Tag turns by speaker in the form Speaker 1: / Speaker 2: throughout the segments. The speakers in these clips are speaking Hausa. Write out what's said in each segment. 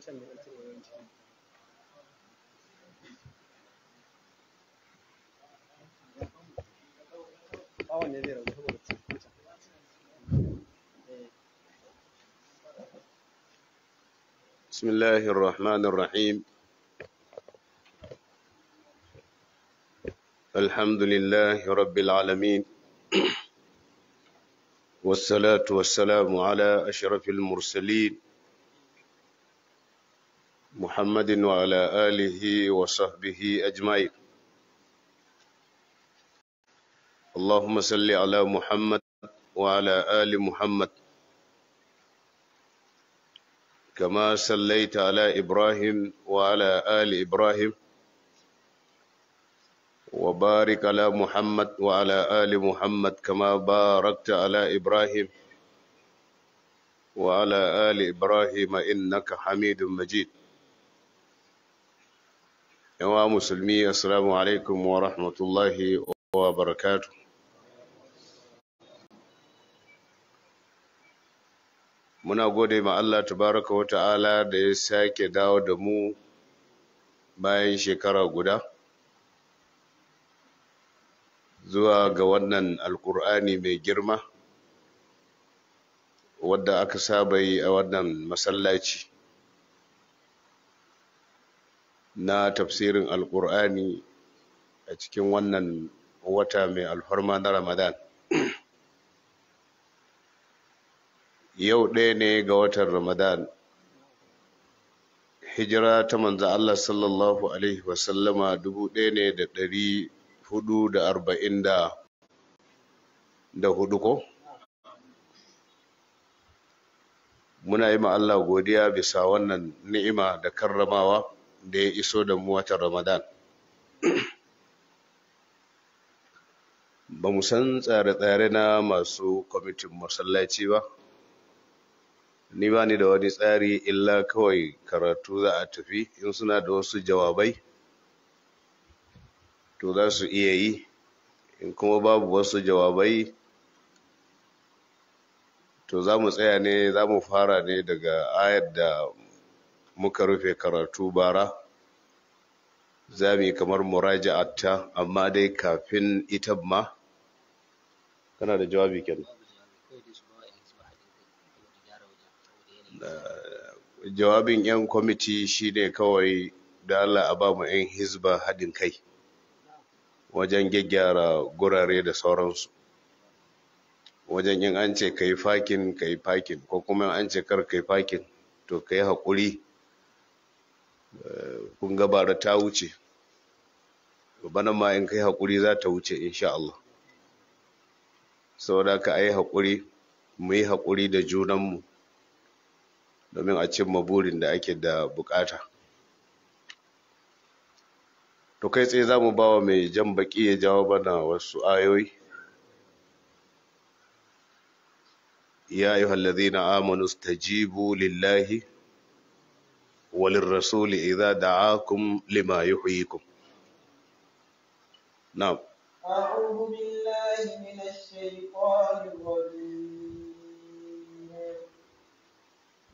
Speaker 1: نكمل انت وانت بسم الله الرحمن الرحيم الحمد لله رب العالمين والصلاة والسلام على أشرف المرسلين محمد وعلى آله وصحبه أجمعين اللهم صل على محمد وعلى آل محمد كما صليت على إبراهيم وعلى آل إبراهيم وبارك على محمد وعلى آل محمد كما باركت على إبراهيم وعلى آل إبراهيم إنك حميد مجيد yawa musulmi assalamu alaikum wa rahmatullahi wa barakatu muna gode ma Allah tabaraka wa ta'ala da ya sake dawo da mu bayan shekara guda zuwa ga wannan alkur'ani mai girma wadda aka saba yi a wannan masallaci na tafsirin Alƙur'ani a cikin wannan wata mai alfarma na ramadan yau ɗaya ne ga watan ramadan hijira ta manzo Allah sallallahu alaihi wasallama dubu ɗaya ne da ɗari hudu da arba'in da hudu ko muna yi ma Allah godiya bisa wannan ni'ima da karramawa da ya iso da mu watan Ramadan. Ba mu san tsare-tsare na masu kwamitin masallaci ba, ni ba ni da wani tsari illa kawai karatu za a tafi in suna da wasu jawabai, to za su iya yi, in kuma babu wasu jawabai to za mu tsaya ne za mu fara ne daga ayar da muka rufe karatu bara za mu yi kamar muraja'atta amma dai kafin ita ma kana da jawabi kenan eh, jawabin 'yan kwamiti shi ne kawai da Allah a ba mu 'yan hizba haɗin kai wajen gyaggyara gurare da sauransu wajen yin an ce ka yi fakin ka yi fakin ko kuma an ce kar ka yi fakin to ka yi haƙuri kun ga bara ta wuce bana ma in kai haƙuri za ta wuce insha Allah saboda ka ayi haƙuri mu yi haƙuri da junanmu domin a cimma burin da ake da bukata to kai tsaye za mu ba mai jan baki ya jawo bana wasu ayoyi يا أيها الذين آمنوا استجيبوا لله وللرسول إذا دعاكم لما يحييكم نعم أعوذ بالله من الشيطان الرجيم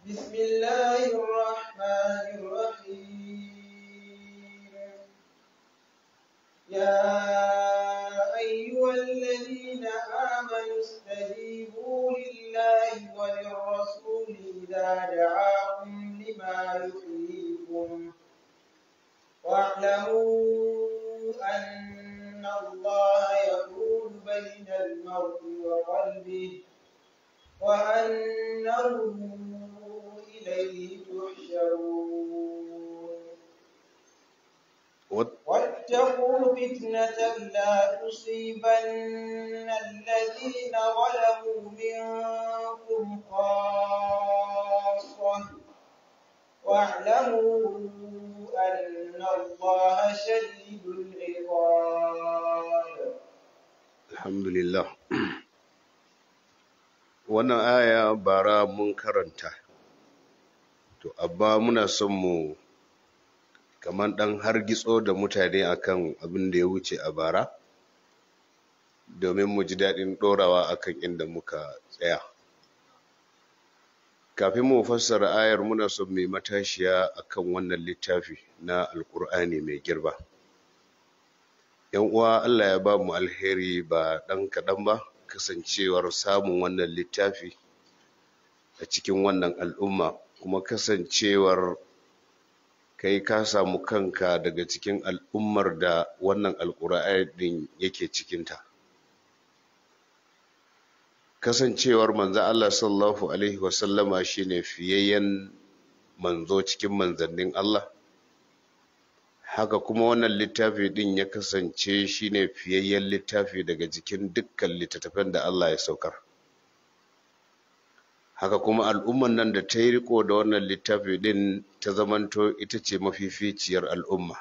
Speaker 1: بسم الله الرحمن الرحيم يا أيها الذين آمنوا استجيبوا لله وللرسول إذا دعاكم لما يحييكم واعلموا أن الله يقول بين المرء وقلبه وأنه إليه تحشرون واتقوا فتنة لا تصيبن الذين ظلموا منكم خاصة واعلموا أن الله شديد العقاب الحمد لله wannan aya bara mun karanta to abba muna son mu Kamar ɗan hargitso da mutane akan abin da ya wuce a bara domin mu ji daɗin ɗorawa akan inda muka tsaya kafin mu fassara ayar muna son mai matashiya akan wannan littafi na alkur'ani mai girba yan uwa allah ya ba mu alheri ba ɗan kaɗan ba kasancewar samun wannan littafi a cikin wannan al'umma kuma kasancewar kai ka samu kanka daga cikin al'ummar da wannan alkur'ani yake cikinta kasancewar manzo Allah sallallahu alaihi wasallama shine fiyayyen manzo cikin manzannin Allah haka kuma wannan littafi din ya kasance shine fiyayyen littafi daga jikin dukkan littattafan da Allah ya saukar haka kuma al'umman nan da ta yi riko da wannan littafi din ta zamanto ita ce mafificiyar al'umma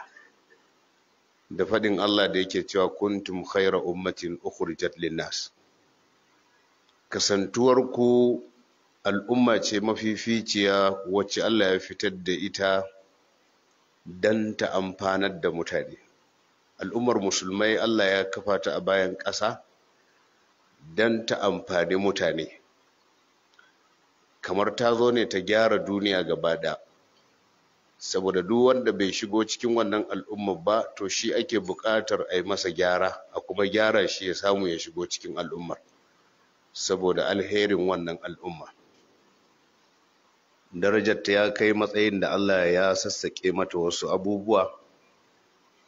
Speaker 1: da faɗin Allah da yake cewa kuntum khaira ummatin ukhrijat lin-nas kasantuwar ku al'umma ce mafificiya wacce Allah ya fitar da ita don ta amfanar da mutane al'ummar musulmai Allah ya kafa ta a bayan ƙasa dan ta amfani mutane kamar ta zo ne ta gyara duniya gaba da saboda duk wanda bai shigo cikin wannan al'ummar ba to shi ake buƙatar a yi masa gyara a kuma gyara shi ya samu ya shigo cikin al'ummar saboda alherin wannan al'umma darajarta ya kai matsayin da Allah ya sassaƙe mata wasu abubuwa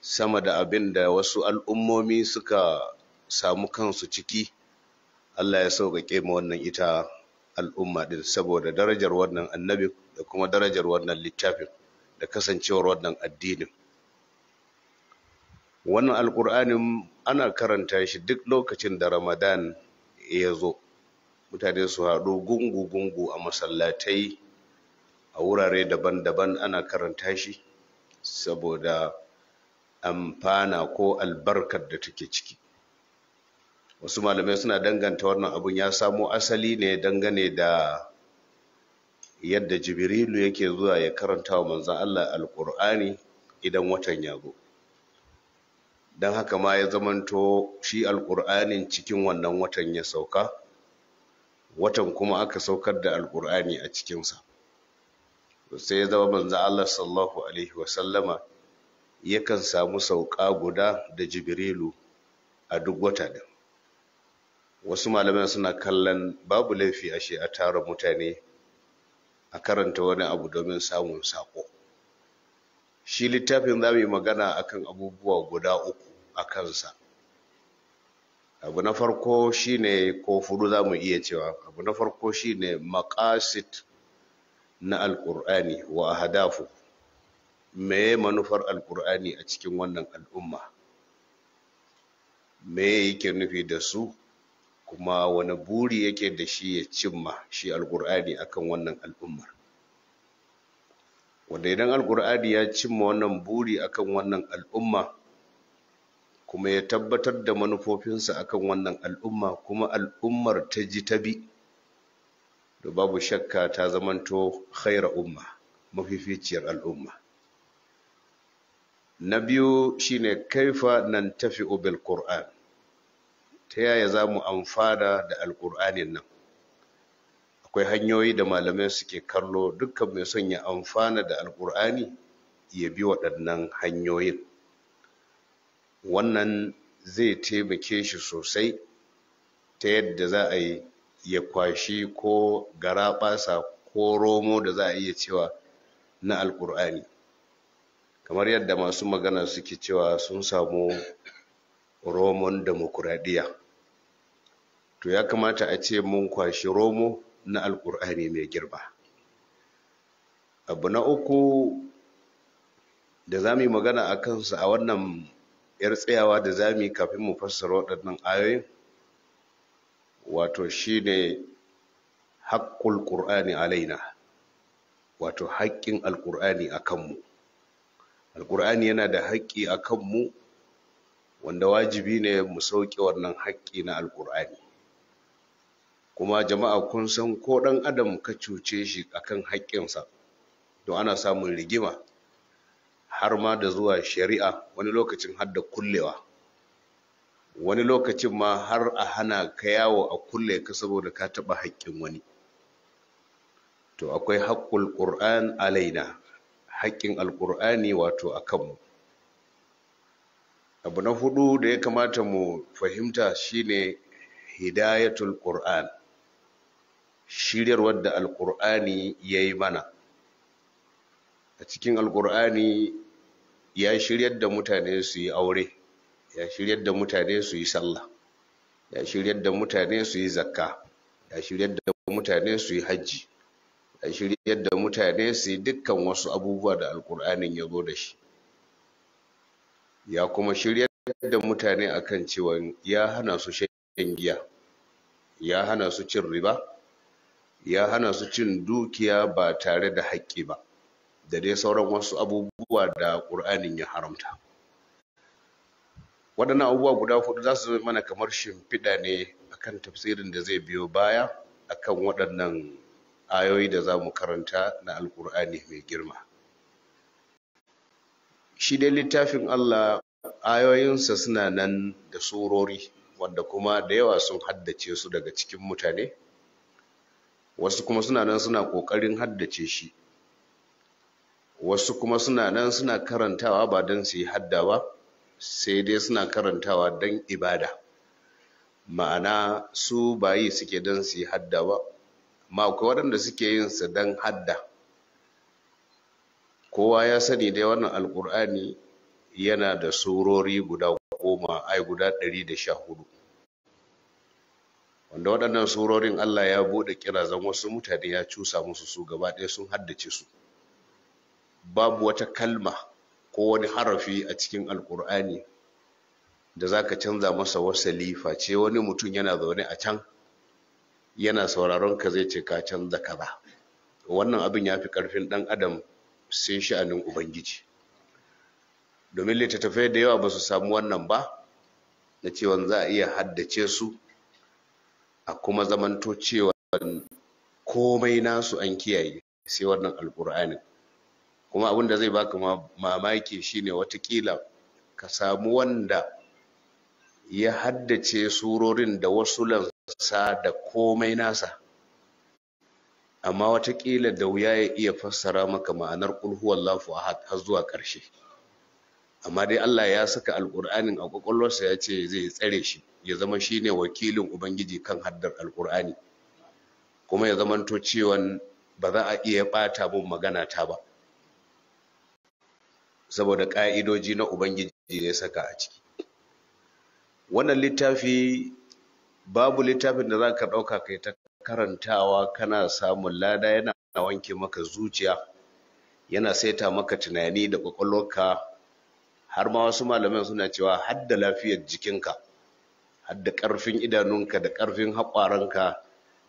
Speaker 1: sama da abin da wasu al'ummomi suka samu kansu ciki Allah ya sauƙaƙe ma wannan ita al'umma din saboda darajar wannan annabi da kuma darajar wannan littafin da kasancewar wannan addinin wannan alƙur'anin ana karanta shi duk lokacin da ramadan ya zo mutane su haɗu gungu-gungu a masallatai a wurare daban-daban ana karanta shi saboda amfana ko albarkar da take ciki wasu malamai suna danganta wannan abun ya samo asali ne dangane da yadda jibrilu yake zuwa ya karanta wa manzan allah alkur'ani idan watan ya zo don haka ma ya zamanto shi alƙur'anin cikin wannan watan ya sauka watan kuma aka saukar da alƙur'ani a cikinsa sai ya zama manzo Allah sallallahu alaihi wasallama yakan samu sauka guda da jibrilu a duk wata da wasu malaman suna kallon babu laifi a shi a tara mutane a karanta wani abu domin samun saƙo shi littafin za mu yi magana akan abubuwa guda uku a kansa abu na farko shine ko fudu za mu iya cewa abu na farko shine makasit na alkur'ani wa hadafu meye manufar alkur'ani a cikin wannan al'umma me yake nufi da su kuma wani buri yake da shi ya cimma shi alkur'ani akan wannan al'ummar wanda idan alkur'ani ya cimma wannan buri akan wannan al'umma kuma ya tabbatar da manufofinsa akan wannan al'umma kuma al'ummar ta ji ta bi da babu shakka ta zamanto khaira umma mafificiyar al'umma na biyu shine kaifa nan tafi bil qur'an ta yaya za mu amfana da alkur'anin nan akwai hanyoyi da malamai suke kallo dukkan mai son ya amfana da Alƙur'ani ya bi waɗannan hanyoyin wannan zai taimake shi sosai ta yadda za a yi ya kwashi ko garaɓasa ko romo da za a iya cewa na Alƙur'ani. kamar yadda masu magana suke cewa sun samu romon demokuraɗiyya to ya kamata a ce mun kwashi romo na Alƙur'ani mai girba abu na uku da za mu yi magana a kansa a wannan 'yar tsayawa da za mu yi kafin mu fassara waɗannan ayoyin wato shi ne haƙƙul ƙur'ani alaina wato haƙƙin alƙur'ani a kanmu alƙur'ani yana da haƙƙi a kanmu wanda wajibi ne mu sauƙi wannan haƙƙi na alƙur'ani kuma jama'a kun san ko ɗan adam ka cuce shi akan haƙƙinsa to ana samun rigima har ma da zuwa shari'a wani lokacin har da kullewa wani lokacin ma har a hana ka yawo a kulle ka saboda ka taɓa haƙƙin wani to akwai haƙƙul ƙur'an alaina haƙƙin alƙur'ani wato akan mu. abu na hudu da ya kamata mu fahimta shine hidayatul ƙur'an shiryarwar da Alƙur'ani ya yi mana a cikin Alƙur'ani ya shiryar da mutane su yi aure ya shiryar da mutane su yi sallah ya shiryar da mutane su yi zakka ya shiryar da mutane su yi hajji ya shiryar da mutane su yi dukkan wasu abubuwa da alƙur'anin ya zo da shi ya kuma shiryar da mutane akan cewa ya hana su shan giya ya hana su cin riba ya hana su cin dukiya ba tare da haƙƙi ba da dai sauran wasu abubuwa da ƙur'anin ya haramta waɗannan abubuwa guda hudu za su zama mana kamar shimfiɗa ne akan tafsirin da zai biyo baya akan waɗannan ayoyi da za mu karanta na alƙur'ani mai girma shi dai littafin allah ayoyinsa suna nan da surori wanda kuma da yawa sun haddace su daga cikin mutane wasu kuma suna nan suna ƙoƙarin haddace shi wasu kuma suna nan suna karantawa ba don su yi hadda ba sai dai suna karantawa don ibada ma'ana su bayi suke don su yi hadda ba ma akwai waɗanda suke yin su don hadda kowa ya sani dai wannan alƙur'ani yana da surori guda goma ai guda ɗari da sha hudu wanda waɗannan surorin Allah ya buɗe kirazan wasu mutane ya cusa musu su gaba ɗaya sun haddace su babu wata kalma ko wani harafi a cikin alkur'ani da zaka canza masa wasali face wani mutum yana zaune a can yana sauraron ka zai ce ka canza kaza wannan abin ya fi ƙarfin ɗan adam sai sha'anin ubangiji domin littattafai da yawa ba su samu wannan ba na cewa za a iya haddace su a kuma zamanto cewa komai nasu an kiyaye sai wannan alkur'ani kuma abin da zai baka mamaki shine watakila ka samu wanda ya haddace surorin da wasu lansa da komai nasa amma watakila da wuya ya iya fassara maka ma'anar kulhuwallahu ahad har zuwa ƙarshe amma dai Allah ya saka alƙur'anin a ƙwaƙwalwarsa ya ce zai tsare shi ya zama shi ne wakilin ubangiji kan haddar alƙur'ani kuma ya zamanto cewan ba za a iya ɓata mun magana ta ba saboda ƙa'idoji na ubangiji ya saka a ciki wannan littafi babu littafin da za ka ɗauka kai ta karantawa kana samun lada yana wanke maka zuciya yana saita maka tunani da ƙwaƙwalwarka har ma wasu malaman suna cewa hadda lafiyar jikinka hadda karfin idanunka da ƙarfin haƙwaranka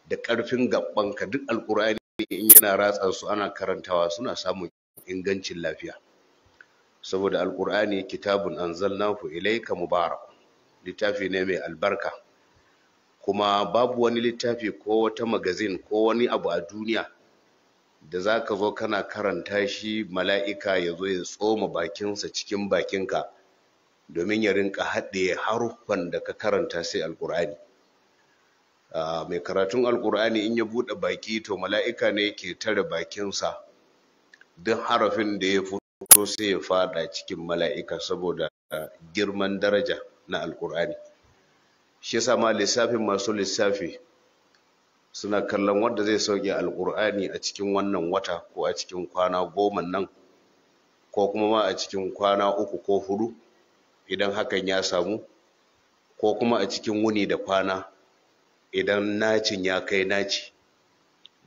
Speaker 1: da karfin gabbanka duk Alƙur'ani in yana ratsa su ana karantawa suna samun ingancin lafiya saboda Alƙur'ani, kitabun anzalnahu ilayka mubarak littafi ne mai albarka kuma babu wani littafi ko wata magazin ko wani abu a duniya da za ka zo kana karanta shi mala'ika ya zo ya tsoma bakinsa cikin bakinka domin ya rinka haɗe haruffan da ka karanta sai alƙur'ani mai karatun alƙur'ani in ya buɗe baki to mala'ika ne ke tare bakinsa duk harafin da ya fito sai ya faɗa cikin mala'ika saboda girman daraja na alƙur'ani shi yasa ma lissafin masu lissafi suna kallon wanda zai sauke alkur'ani a cikin wannan wata ko a cikin kwana goma nan ko kuma ma a cikin kwana uku ko hudu idan hakan ya samu ko kuma a cikin wuni da kwana idan nacin ya kai naci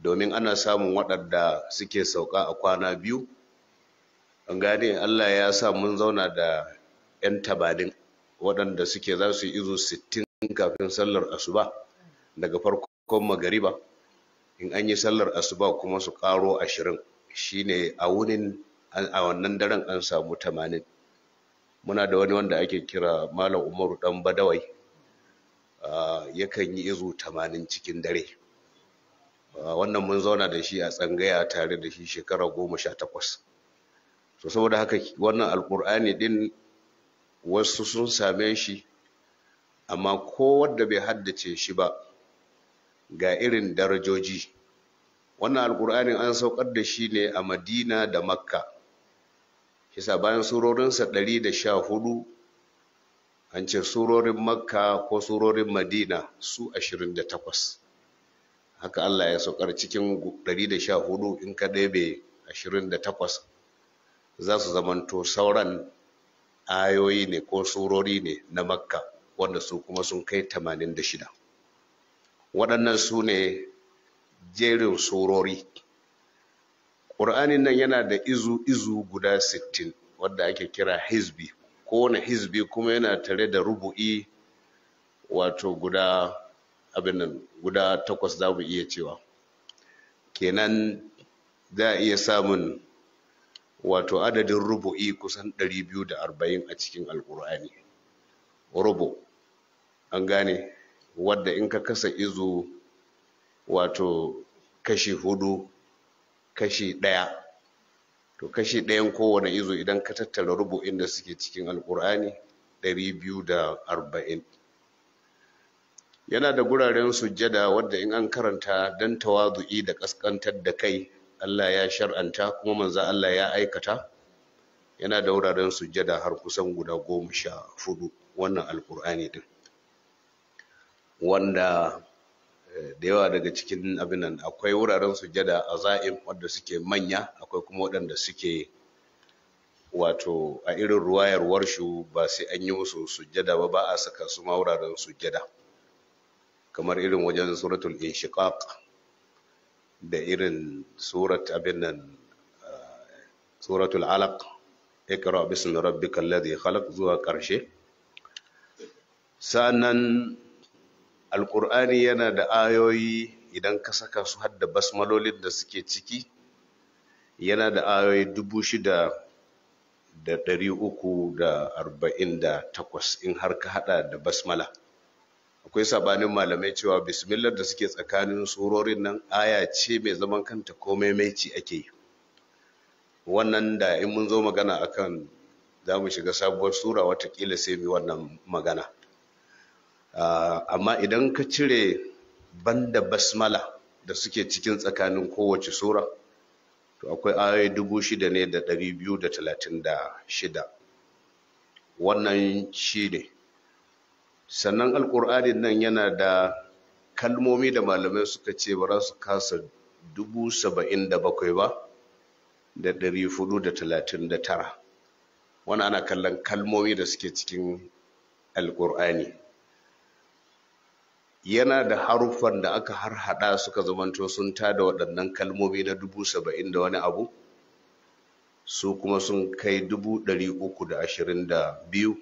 Speaker 1: domin ana samun waɗanda suke sauka a kwana biyu an gane allah ya sa mun zauna da 'yan tabanin waɗanda suke za su yi izo 60 kafin sallar asuba daga farko ko magariba in an yi sallar asuba kuma su karo ashirin shine a wurin a wannan daren an samu tamanin muna da wani wanda ake kira malam umaru dan badawai yakan yi izu tamanin cikin dare wannan mun zauna da shi a tsangaya tare da shi shekara goma sha takwas so saboda haka wannan alkur'ani din wasu sun same shi amma ko wadda bai haddace shi ba ga irin darajoji wannan alkur'ani an saukar da shi ne a madina da makka kisa bayan surorinsa 114 an ce surorin makka ko surorin madina su 28 haka allah ya saukar cikin 114 in ka ɗebe 28 za su zamanto sauran ayoyi ne ko surori ne na makka wanda su kuma sun kai 86 waɗannan su ne jerin surori ƙur'anin nan yana da izu-izu guda 60 wadda ake kira hizbi kowane hizbi kuma yana tare da rubu'i wato guda abin guda takwas za mu iya cewa kenan za a iya samun wato adadin rubu'i kusan 240 a cikin Alƙur'ani. rubu an gane wadda in ka kasa izo, wato kashi hudu kashi ɗaya to kashi ɗayan kowane izo idan ka tattara rubu'in da suke cikin alkur'ani 240 yana da guraren sujjada wadda in an karanta don tawazu'i da kaskantar da kai allah ya shar'anta kuma manza allah ya aikata yana da wuraren sujjada har kusan guda goma sha hudu wannan alkur'ani din wanda eh, da yawa daga cikin abin nan akwai wuraren sujada a za'im wadda suke manya akwai kuma waɗanda suke wato a irin ruwayar warshu ba sai an yi musu sujada ba ba a saka su ma wuraren sujada kamar irin wajen suratul inshiqaq da irin surat abin nan eh, suratul alaq ikra bismi rabbikal ladhi khalaq zuwa ƙarshe sa'annan Alƙur'ani yana da ayoyi idan ka saka su hadda basmalolin da suke ciki yana da ayoyi dubu shida da ɗari uku da arba'in da takwas in har ka haɗa da basmala akwai sabanin malamai cewa bismillah da suke tsakanin surorin nan aya ce mai zaman kanta ko maimaici ake yi wannan da in mun zo magana akan za mu shiga sabuwar sura watakila sai bi wannan magana Ah, amma idan ka cire banda basmala da suke cikin tsakanin kowace sura to akwai ayoyi dubu shida ne da ɗari biyu da talatin da shida wannan shi ne sannan alƙur'anin nan yana da kalmomi da malamai suka ce ba su kasa dubu saba'in da bakwai ba da ɗari fudu da talatin da tara wani ana kallon kalmomi da suke cikin alƙur'ani yana da haruffan da aka har harhaɗa suka zamanto sun tada waɗannan kalmomi na dubu saba'in da wani abu su kuma sun kai dubu ɗari uku da ashirin da biyu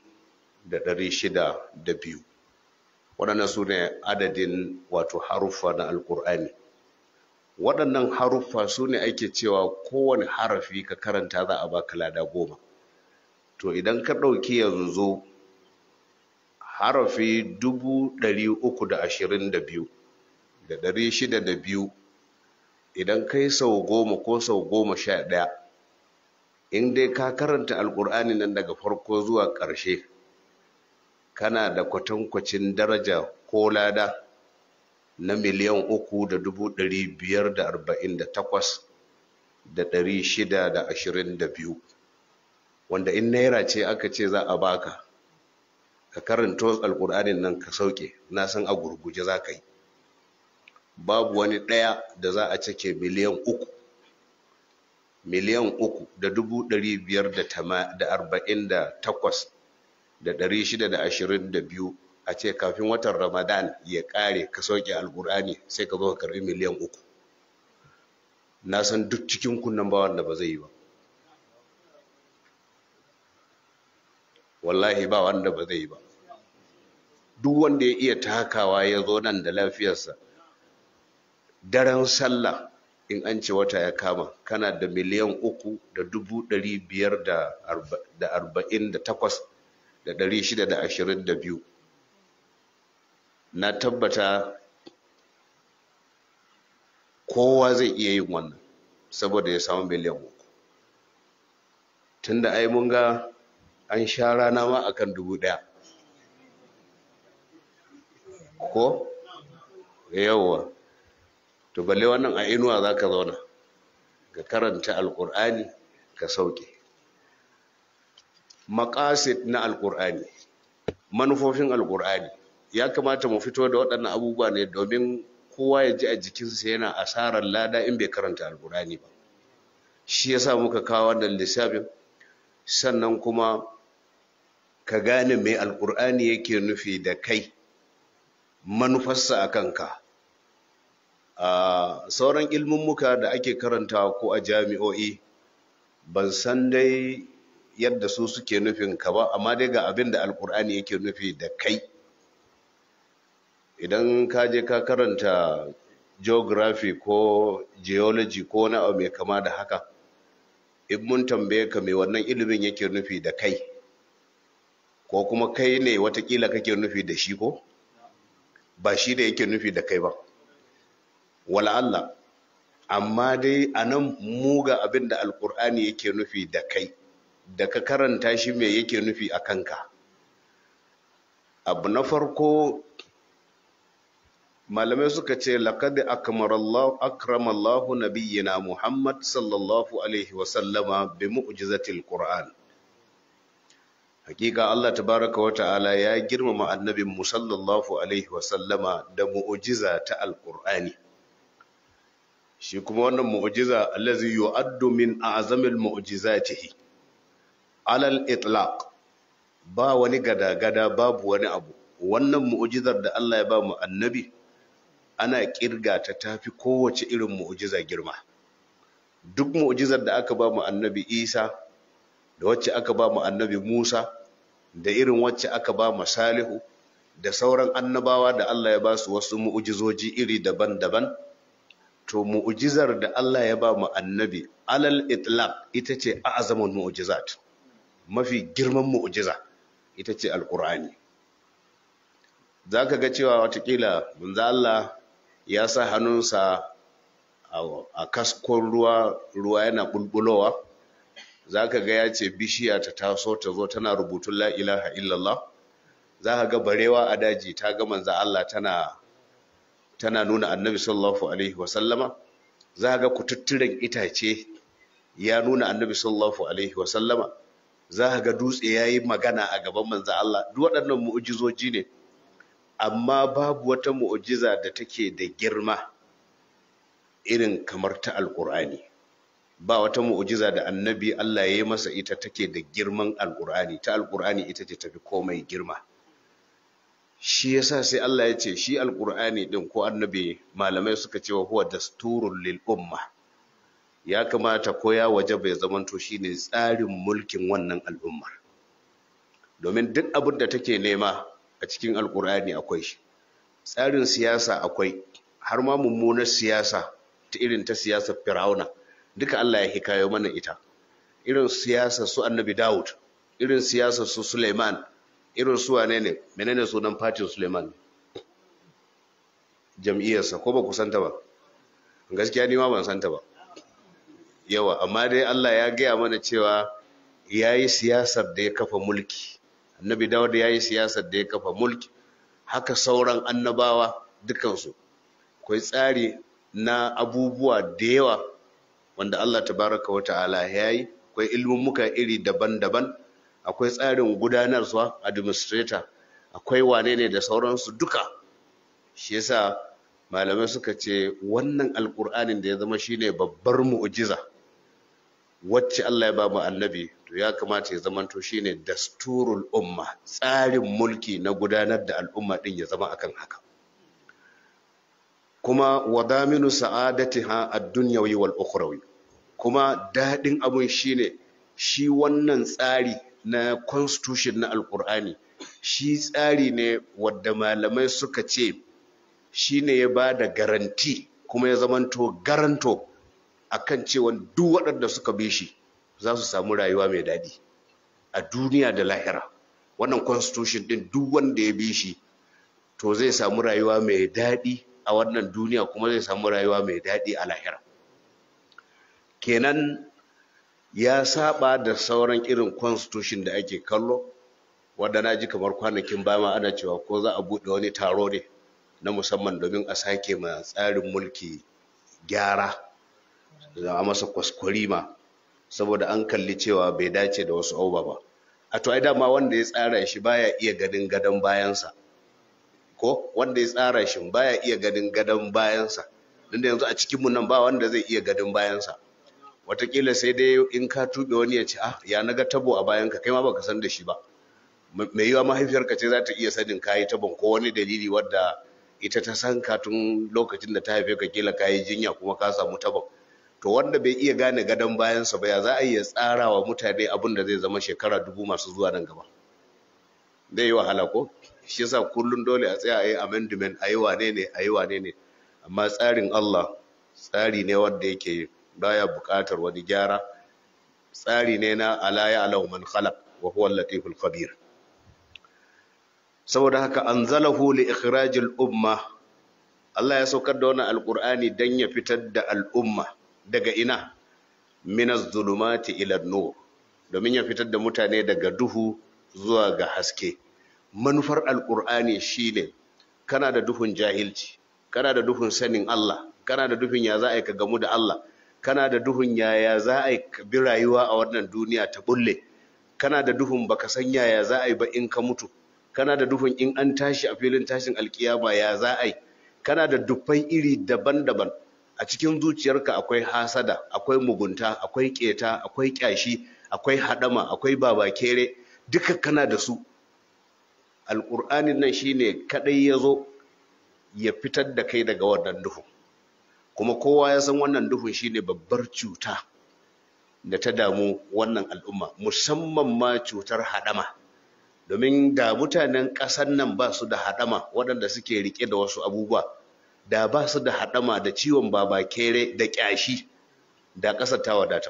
Speaker 1: da ɗari shida da biyu waɗannan su ne adadin wato haruffa na alƙur'ani waɗannan haruffa su ne ake cewa kowane harafi ka karanta za a baka lada goma to idan ka ɗauki yanzu harafi dubu ɗari uku da ashirin da biyu da ɗari shida da biyu idan kai sau goma ko sau goma sha ɗaya in dai ka karanta alƙur'ani nan daga farko zuwa ƙarshe kana da kwatankwacin daraja ko lada na miliyan uku da dubu ɗari biyar da arba'in da takwas da ɗari shida da ashirin da biyu wanda in naira ce aka ce za a baka ka karanta alkur'anin nan ka sauke na san a gurguje za ka yi babu wani ɗaya da za a cike miliyan uku miliyan uku da dubu ɗari biyar da arba'in da takwas da ɗari shida da ashirin da biyu a ce kafin watan ramadan ya ƙare ka sauke Alƙur'ani sai ka zo ka karbi miliyan uku na san duk cikin kunnen ba wanda ba zai yi ba wallahi ba wanda ba zai yi ba duk wanda ya iya takawa ya zo nan da lafiyarsa daren sallah in an ce wata ya kama kana da miliyan uku da dubu ɗari biyar da arba'in da takwas da ɗari shida da ashirin da biyu na tabbata kowa zai iya yin wannan saboda ya samu miliyan uku tunda ai mun ga an sha rana ma akan dubu ɗaya ko yawwa to balle wannan a inuwa za ka zauna ka karanta alkur'ani ka sauke makasit na alkur'ani manufofin Alƙur'ani ya kamata mu fito da waɗannan abubuwa ne domin kowa ya ji a jikinsa yana asarar lada in bai karanta alkur'ani ba shi ya sa muka kawo wannan lissafin sannan kuma ka gane mai alkur'ani yake nufi da kai manufarsa a kanka a sauran ilmummuka da ake karanta ko a jami'o'i ban san dai yadda su suke nufin ka ba amma dai ga abin da alkur'ani yake nufi da kai idan ka je ka karanta geography ko geology ko wani abu mai kama da haka in mun tambaye ka mai wannan ilimin yake nufi da kai ko kuma kai ne watakila kake nufi da shi ko ba shi da yake nufi da kai ba wala Allah amma dai a nan muga abin da alkur'ani yake nufi da kai da ka karanta shi mai yake nufi a kanka abu na farko malamai suka ce laƙad akramallahu nabiyyina muhammad sallallahu alaihi wasallama bi mu'jizatil qur'an hakika Allah tabaraka wa ta'ala ya girmama annabin mu sallallahu alaihi wa sallama da mu'ujiza ta alqur'ani shi kuma wannan mu'ujiza allazi yu'addu min a'zamil mu'jizatihi alal itlaq ba wani gada-gada babu wani abu wannan mu'ujizar da Allah ya ba mu annabi ana kirga ta tafi kowace irin mu'ujiza girma duk mu'ujizar da aka ba mu annabi Isa da wacce aka ba mu annabi Musa da irin wacce aka ba masalihu Salihu da sauran annabawa da Allah ya ba su wasu mu'ujizoji iri daban-daban to mu'ujizar da Allah ya ba mu annabi alal itlaq ita ce a'zamul mu'ujizat mafi girman mu'ujiza ita ce alqur'ani zaka ga cewa watakila manzo Allah ya sa hannunsa a kaskon ruwa ruwa yana bulbulowa za ka ga ya ce bishiya ta taso ta zo tana rubutun la ilaha illallah za ka ga barewa a daji ta ga manza Allah tana tana nuna annabi sallallahu alaihi wasallama za ka ga kututturen itace ya nuna annabi sallallahu alaihi wasallama za ka ga dutse ya yi magana a gaban manza Allah duk waɗannan mu'ujizoji ne amma babu wata mu'ujiza da take da girma irin kamar ta alƙur'ani ba wata mu'ujiza da annabi Allah ya yi masa ita take da girman alkur'ani ta alkur'ani ita ce tafi komai girma shi yasa sai Allah ya ce shi alkur'ani din ko annabi malamai suka ce wa huwa dasturul lil umma ya kamata ko ya waje bai zamanto shine tsarin mulkin wannan al'umma domin duk abin da take nema a cikin alkur'ani akwai shi tsarin siyasa akwai har ma mummunar siyasa ta irin ta siyasar firauna duka Allah ya hikayo mana ita irin siyasa su annabi Dawud irin siyasa su Suleiman irin su wane ne menene sunan fatin Suleiman jam'iyyarsa ko ba ku santa ba gaskiya ni ma ban santa ba yawa amma dai Allah ya gaya mana cewa ya yi siyasar da ya kafa mulki annabi Dawud yayi yi siyasar da ya kafa mulki haka sauran annabawa dukansu akwai tsari na abubuwa da yawa wanda Allah tabaraka wa ta'ala ya yi akwai ilimin muka iri daban-daban akwai tsarin gudanarwa administrator akwai wane ne da sauransu duka shi yasa malamai suka ce wannan alkur'anin da ya zama shine babbar mu'jiza wacce Allah ya ba mu annabi to ya kamata ya zama to shine dasturul umma tsarin mulki na gudanar da al'umma din ya zama akan haka kuma wadaminu sa'adatiha ad-dunyawi wal ukhrawi kuma daɗin abun shine shi wannan tsari na constitution na alkur'ani shi tsari ne wadda malamai suka ce shi ne ya ba da garanti kuma ya zamanto garanto a kan cewa duk waɗanda suka bi shi za su samu rayuwa mai daɗi a duniya da lahira wannan constitution ɗin duk wanda ya bi shi to zai samu rayuwa mai daɗi a wannan duniya kuma zai samu rayuwa mai daɗi a lahira kenan ya saba da sauran irin constitution da ake kallo wadda na ji kamar kwanakin bama ana cewa ko za a buɗe wani taro ne na musamman domin a sake ma tsarin mulki gyara da a masa ma saboda an kalli cewa bai dace da wasu auba ba a to ai dama wanda ya tsara shi baya iya ganin gadon bayansa ko wanda ya tsara shi baya iya ganin gadon bayansa don yanzu a cikinmu nan ba wanda zai iya gadon bayansa watakila sai dai in ka tube wani ya ce ah ya naga tabo a bayan ka, kai ma baka san da shi ba mai yiwa mahaifiyarka ce za ta iya sanin kayi tabon ko wani dalili wadda ita ta san ka tun lokacin da ta haife ka kila kayi jinya kuma ka samu tabon to wanda bai iya gane gadon bayansa ba ya za a iya tsara wa mutane abin da zai zama shekara dubu masu zuwa nan gaba zai yi wahala ko shi yasa kullum dole a tsaya a yi amendment a yi wane ne a yi wane ne amma tsarin Allah tsari ne wanda yake baya buƙatar wani gyara tsari ne na alaya alau khalaq wa huwa latiful khabir saboda haka an anzalahu li ikhrajil umma Allah ya saukar da wannan alqur'ani dan ya fitar da al'umma daga ina minaz zulumati ila nur domin ya fitar da mutane daga duhu zuwa ga haske manufar alqur'ani shine kana da duhun jahilci kana da duhun sanin Allah kana da duhun ya za a ka gamu da Allah kana da duhun yaya za a bi rayuwa a wannan duniya ta bulle kana da duhun baka san yaya za a yi ba in ka mutu kana da duhun in an tashi a filin tashin alkiyama ya za a yi kana da dufai iri daban-daban a cikin zuciyarka akwai hasada akwai mugunta akwai keta akwai kyashi akwai hadama akwai baba kere. duka kana da su alƙur'anin nan shine kadai ya zo ya fitar da kai daga wannan duhun kuma kowa ya san wannan duhun shine babbar cuta da ta damu wannan al'umma musamman ma cutar hadama domin da mutanen ƙasar nan ba su da hadama waɗanda suke riƙe da wasu abubuwa da ba su da hadama da ciwon baba kere da ƙyashi da ƙasa ta wadata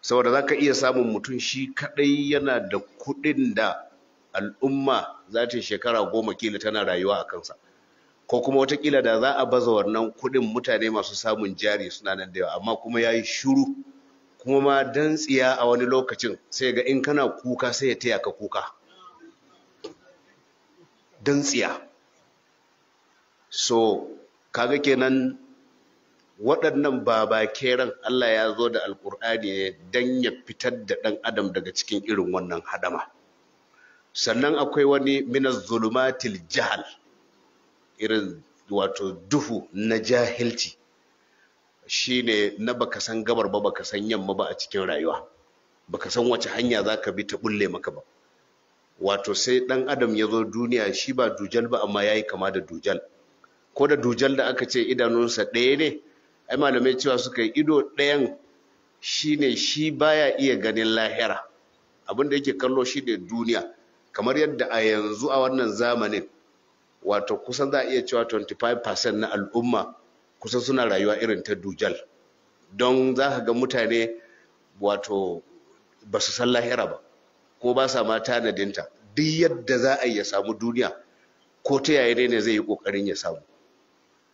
Speaker 1: saboda za ka iya samun mutum shi kaɗai yana da kuɗin da al'umma za ta shekara goma kila tana rayuwa a kansa ko kuma watakila da za a baza wannan kuɗin mutane masu samun jari suna nan da yawa amma kuma ya yi shuru kuma ma dantsiya, a wani lokacin sai ga in kana kuka sai ya taya ka kuka dantsiya tsiya so kaga kenan waɗannan baba keren Allah ya zo da alƙur'ani ne don ya fitar da ɗan adam daga cikin irin wannan hadama sannan akwai wani minas zulumatil jahal irin wato duhu na jahilci shine na baka san gabar ba baka san yamma ba a cikin rayuwa baka san wace hanya za ka bi ta bulle maka ba wato sai dan adam ya zo duniya shi ba dujal ba amma yayi kama da dujal ko da dujal da aka ce idanunsa ɗaya ne ai malamai cewa suka yi ido ɗayan shine shi baya iya ganin lahira abinda yake kallo shi ne duniya kamar yadda a yanzu a wannan zamanin wato kusan za a iya cewa 25% na al'umma kusan suna rayuwa irin ta dujal don za ka ga mutane wato ba su san lahira ba ko ba sa ma tanadinta duk yadda za a yi ya samu duniya ko ta yaya ne zai yi kokarin ya samu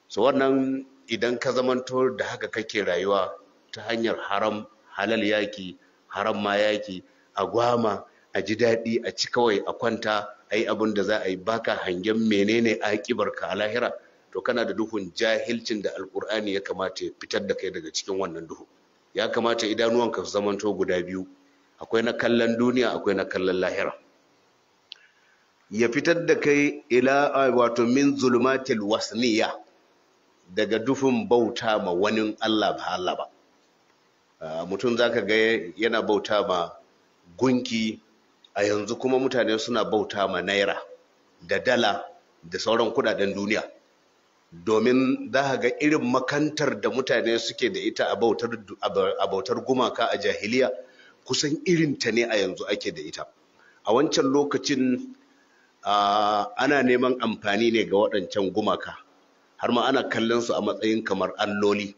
Speaker 1: so wannan idan ka zamanto da haka kake rayuwa ta hanyar haram halal yaki haram ma yaki agwama a ji daɗi a ci kawai a kwanta a yi abin da za a yi baka hangen menene aƙibar ka a lahira to kana da duhun jahilcin da alƙur'ani ya kamata ya fitar da kai daga cikin wannan duhu ya kamata idanuwanka su zamanto guda biyu akwai na kallon duniya akwai na kallon lahira ya fitar da kai ila wato min zulmatil wasniya daga dufin bauta ma wani Allah ba Allah ba mutum zaka ga yana bauta ma gunki a yanzu kuma mutane suna bauta ma naira da dala da sauran kudaden duniya domin za a ga irin makantar da mutane suke da ita a bautar gumaka a jahiliya kusan irinta ne a yanzu ake da ita a wancan lokacin ana neman amfani ne ga waɗancan gumaka har ma ana kallon su a matsayin kamar alloli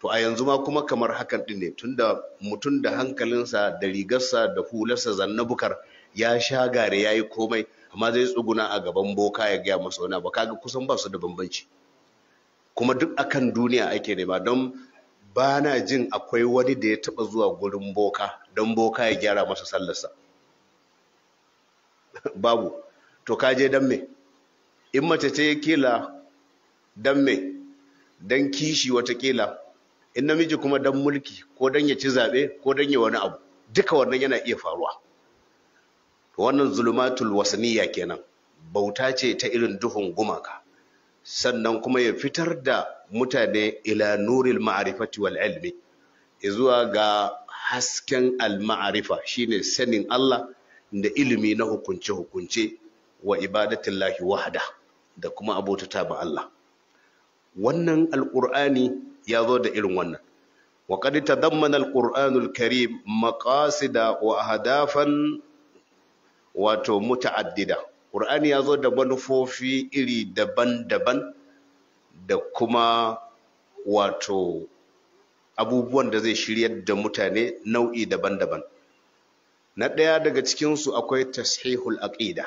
Speaker 1: to a yanzu ma kuma kamar hakan ɗin ne tunda mutum da hankalinsa da rigarsa da hularsa zannabukar ya sha gare ya yi komai amma zai tsuguna a gaban boka ya gaya masa wani abu kaga kusan ba su da bambanci kuma duk akan duniya ake nema don ba na jin akwai wani da ya taba zuwa gurin boka don boka ya gyara masa sallarsa babu to kaje je don me in mace ce kila don me don kishi watakila in namiji kuma don mulki ko don ya ci zaɓe ko don ya wani abu duka wannan yana iya faruwa wannan zulumatul wasaniya kenan bauta ce ta irin duhun gumaka sannan kuma ya fitar da mutane ila nuril ma'arifati wal ilmi zuwa ga hasken al-ma'arifa shine sanin Allah da ilimi na hukunce hukunce wa ibadatillahi wahda da kuma abotata ba Allah wannan Alƙur'ani ya zo da irin wannan وقد تضمن القرآن الكريم مقاصد وأهدافا wato muta'addida ƙur'ani ya zo da manufofi iri daban-daban da kuma wato abubuwan da zai shiryar da mutane nau'i daban-daban na ɗaya daga cikinsu akwai tashihul aƙida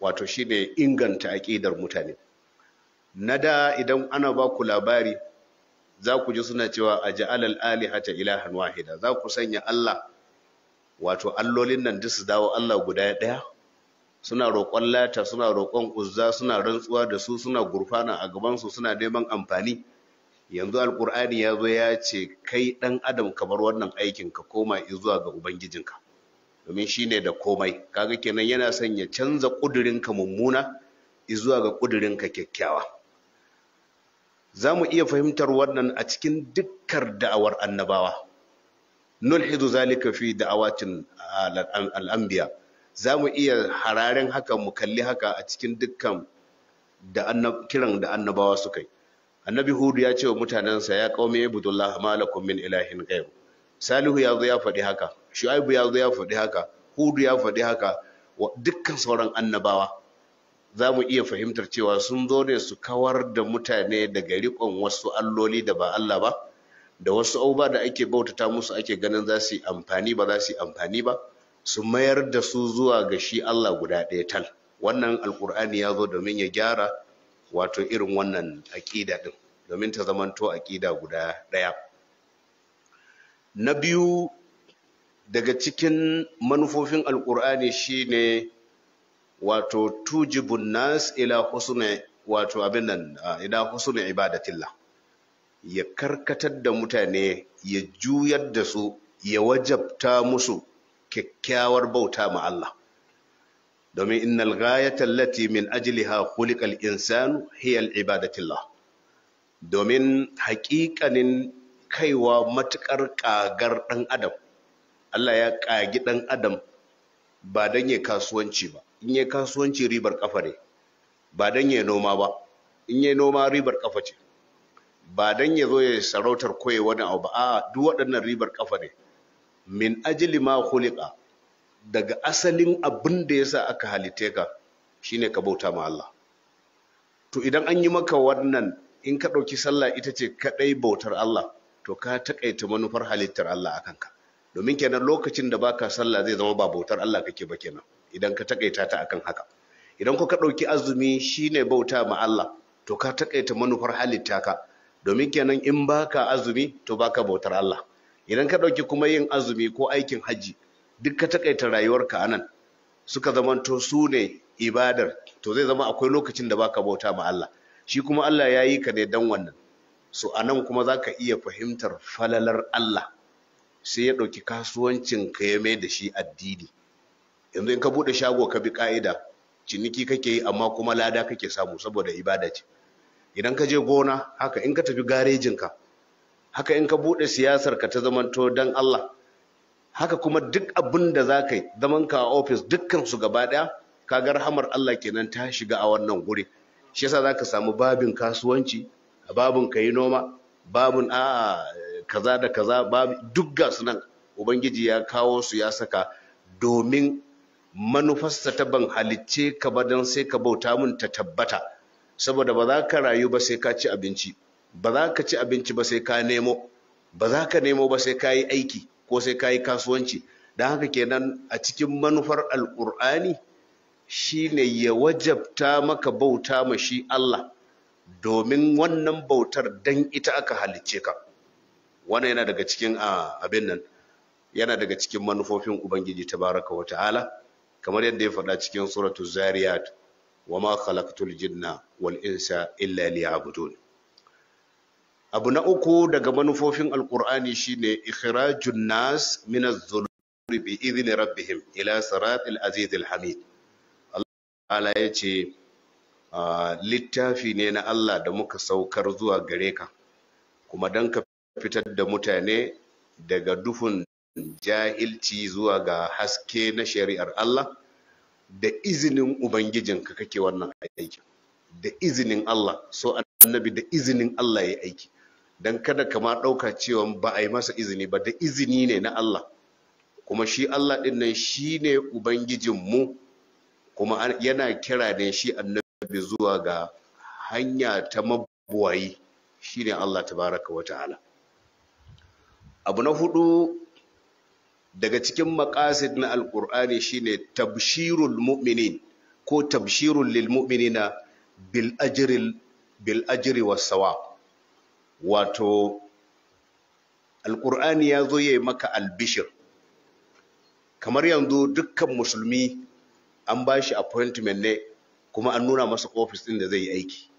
Speaker 1: wato shi shine inganta aƙidar mutane na da idan ana ba ku labari za ku ji suna cewa a ja'alal alihata ilahan wahida za ku sanya Allah wato allolin nan duk su dawo Allah guda ɗaya suna roƙon lata suna roƙon uzza suna rantsuwa da su suna gurfana a gaban su suna neman amfani yanzu alƙur'ani ya zo ya ce kai ɗan adam kamar wannan aikin ka koma zuwa ga ubangijinka domin shi ne da komai kaga kenan yana son ya canza ka mummuna zuwa ga ƙudurinka kyakkyawa za mu iya fahimtar wannan a cikin dukkar da'awar annabawa nulhidu zalika fi da'awatin al'ambiya za mu iya hararen haka mu kalli haka a cikin dukkan da kiran da annabawa suka yi annabi hudu ya ce wa mutanensa ya kaume ibudullah malakum min ilahin ghairu salihu ya zo ya faɗi haka shu'aibu ya zo ya faɗi haka hudu ya faɗi haka dukkan sauran annabawa za mu iya fahimtar cewa sun zo ne su kawar da mutane daga riƙon wasu alloli da ba Allah ba da wasu auba da ake bautata musu ake ganin za su yi amfani ba za su yi amfani ba su mayar da su zuwa ga shi Allah guda ɗaya tal wannan Alƙur'ani ya zo domin ya gyara wato irin wannan aƙida ɗin domin ta zamanto aƙida guda ɗaya na biyu daga cikin manufofin alkur'ani shine wato tujibun nas ila husna wato abin nan ah, ila husna ibadatillah ya karkatar da mutane ya juyar da su ya wajabta musu kyakkyawar bauta ma Allah domin innal ghayata allati min ajliha al insanu hiya al ibadatillah domin haƙiƙanin kaiwa matukar kagar dan adam Allah ya kagi dan adam ba dan ya kasuwanci ba in ya kasuwanci ribar kafa ne ba dan ya noma ba in ya noma ribar kafa ce ba don ya zo ya sarautar koya wani abu ba a duk waɗannan ribar kafa ne min ajili ma kulika daga asalin abin da ya sa aka halitte ka shine ka bauta ma Allah to idan an yi maka wannan in ka ɗauki sallah ita ce kaɗai bautar Allah to ka taƙaita manufar halittar Allah a kanka domin kenan lokacin da baka sallah zai zama ba bautar Allah kake ba kenan idan ka taƙaita ta akan haka idan ka ɗauki azumi shine bauta ma Allah to ka taƙaita manufar halitta ka domin kenan in baka azumi to baka bautar Allah idan ka ɗauki kuma yin azumi ko aikin hajji duk ka takaita rayuwarka anan suka zamanto su ne ibadar to zai zama akwai lokacin da baka bauta ma Allah shi kuma Allah ya yi ka ne dan wannan so anan kuma za ka iya fahimtar falalar Allah sai ya ɗauki kasuwancin ka ya mai da shi addini yanzu in ka buɗe shago ka bi ƙa'ida ciniki kake yi amma kuma lada kake samu saboda ibada ce idan ka je gona haka in ka tafi garejinka haka in ka buɗe siyasar ka ta zamanto don Allah haka kuma duk abin da za ka yi zaman ka a ofis dukkan su gaba ɗaya ga rahamar Allah kenan ta shiga a wannan guri shi yasa za ka samu babin kasuwanci babin ka yi noma babin a kaza da kaza duk ga su nan ubangiji ya kawo su ya saka domin manufarsa ta ban halicce ka ba don sai ka bauta mun ta tabbata saboda ba za ka rayu ba sai ka ci abinci ba za ka ci abinci ba sai ka nemo ba za ka nemo ba sai ka yi aiki ko sai ka yi kasuwanci don haka kenan a cikin manufar shi shine ya wajabta maka bauta ma shi Allah domin wannan bautar dan ita aka halicce ka wannan yana daga cikin abin nan yana daga cikin manufofin ubangiji tabaraka wa ta'ala kamar yadda ya faɗa cikin suratu zariyat wa ma khalaqtul jinna wal insa illa liya'budun abu na uku daga manufofin alqur'ani shine ikhrajun nas min adh-dhulumi bi idhni rabbihim ila siratil azizil hamid Allah ala yace ah, littafi ne na Allah da muka saukar zuwa gare ka kuma dan ka fitar da mutane daga duhun jahilci zuwa ga haske na shari'ar Allah da izinin ubangijinka kake wannan aikin da izinin Allah so annabi da izinin Allah ya aiki dan kada kama ɗauka cewa ba a yi masa izini ba da izini ne na Allah kuma shi Allah ɗin nan shi ne ubangijinmu kuma yana kira ne shi annabi zuwa ga hanya ta mabuwayi shi ne Allah tabaraka wa ta'ala abu na hudu daga cikin maqasid na Alƙur'ani shine tabshirul mu'minin ko tabshirul lil mu'minina bil ajri bil ajri wato Alƙur'ani ya zo yayi maka albishir kamar yanzu dukkan musulmi an ba shi appointment ne kuma an nuna masa ofis ɗin da zai yi aiki